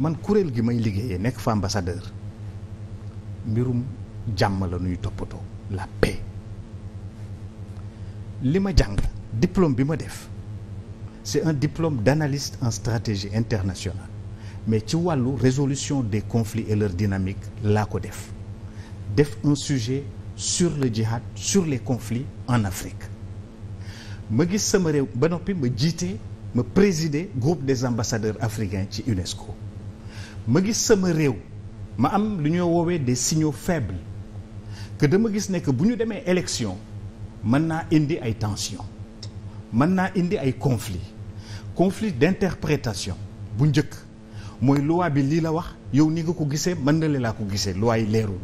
man kuréel gi may liggéeyee nekk fa ambassadeur mbirum jàmm la ñuy toppatoo la paix li ma jàng diplôme bi ma def c'est un diplôme d'analyste en stratégie internationale mais ci wàllu résolution des conflits et leur dynamique laa ko def def un sujet sur le djihad sur les conflits en Afrique ma gis sama réew ba noppi ma jiite ma présider groupe des ambassadeurs africains ci UNESCO ma gis sama réew ma am lu ñoo woowee de signaux faible que dama gis ne que bu ñu demee élection mën naa indi ay tension mën naa indi ay conflit conflit d'interprétation bu njëkk mooy luwaa bi lii la wax yow ni nga ko gisee mën na laa ko gisee loi yi leerul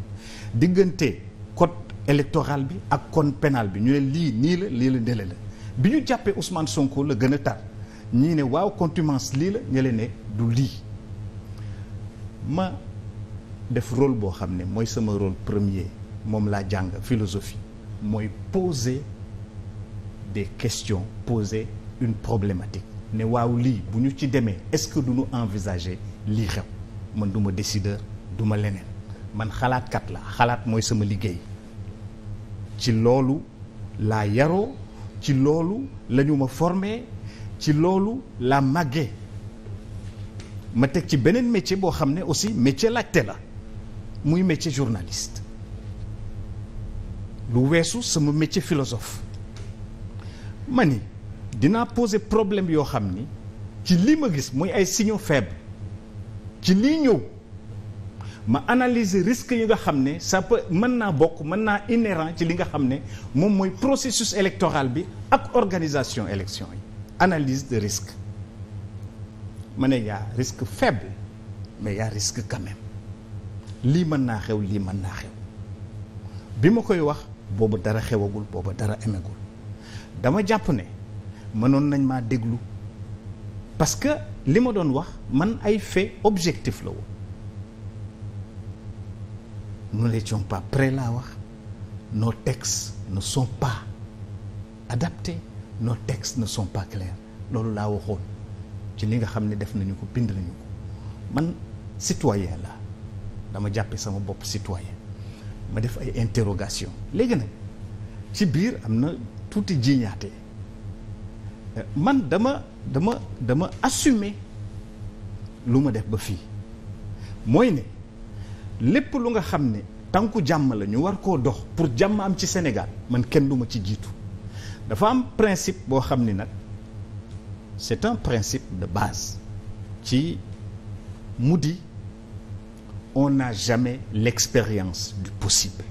diggante code électoral bi ak code pénal bi ñu ne lii nii la lii la ndele la bi ñu jàppee Ousmane Sonko la gën a tar ñii ne waaw contumace lii la ñu ne du lii ma def rôle boo xam ne mooy sama rôle premier moom laa jàng philosophie mooy poser des questions poser une problématique ne waaw lii bu ñu ci demee est-ce que du ñu envisager lii xew man duma ma décideur du ma leneen man xalaatkat la xalaat mooy sama liggéey ci loolu laa yaroo ci loolu la ñu ma formé ci loolu laa màggee ma teg ci beneen métier boo xam ne aussi métier laajte la muy métier journaliste lu weesu sama métier philosophe ma ni dinaa poser problème yoo xam ni ci lii ma gis muy ay signaux faibles ci lii ñëw ma analyser risque yi nga xam ne ça peut mën naa bokk mën naa inhérent ci li nga xam ne moom mooy processus électoral bi ak organisation élection yi analyse de risque ma ne yaa risque faible mais yaa risque quand lii mën naa xew lii man naa xew bi ma koy wax boobu dara xewagul boobu dara emegul dama jàpp ne mënoon nañ maa déglu parce que li ma doon wax man ay fait objectif la woon nous n'étions pas prêts laa wax nos textes ne sont pas adaptés nos textes ne sont loolu laa waxoon ci li nga xam ne def nañu ko bind nañu ko man citoyen la dama jàppe sama bopp citoyen ma def ay interrogation léegi nag ci biir am na tuuti jiñaate euh, man dama dama dama assumer lu ma def ba fii mooy ne lépp lu nga xam ne tànku jàmm la ñu war koo dox pour jàmm am ci Sénégal man kenn du ma ci jiitu dafa am principe boo xam ni nag c'est un principe de base ci mu di on n'a jamais l'expérience du possible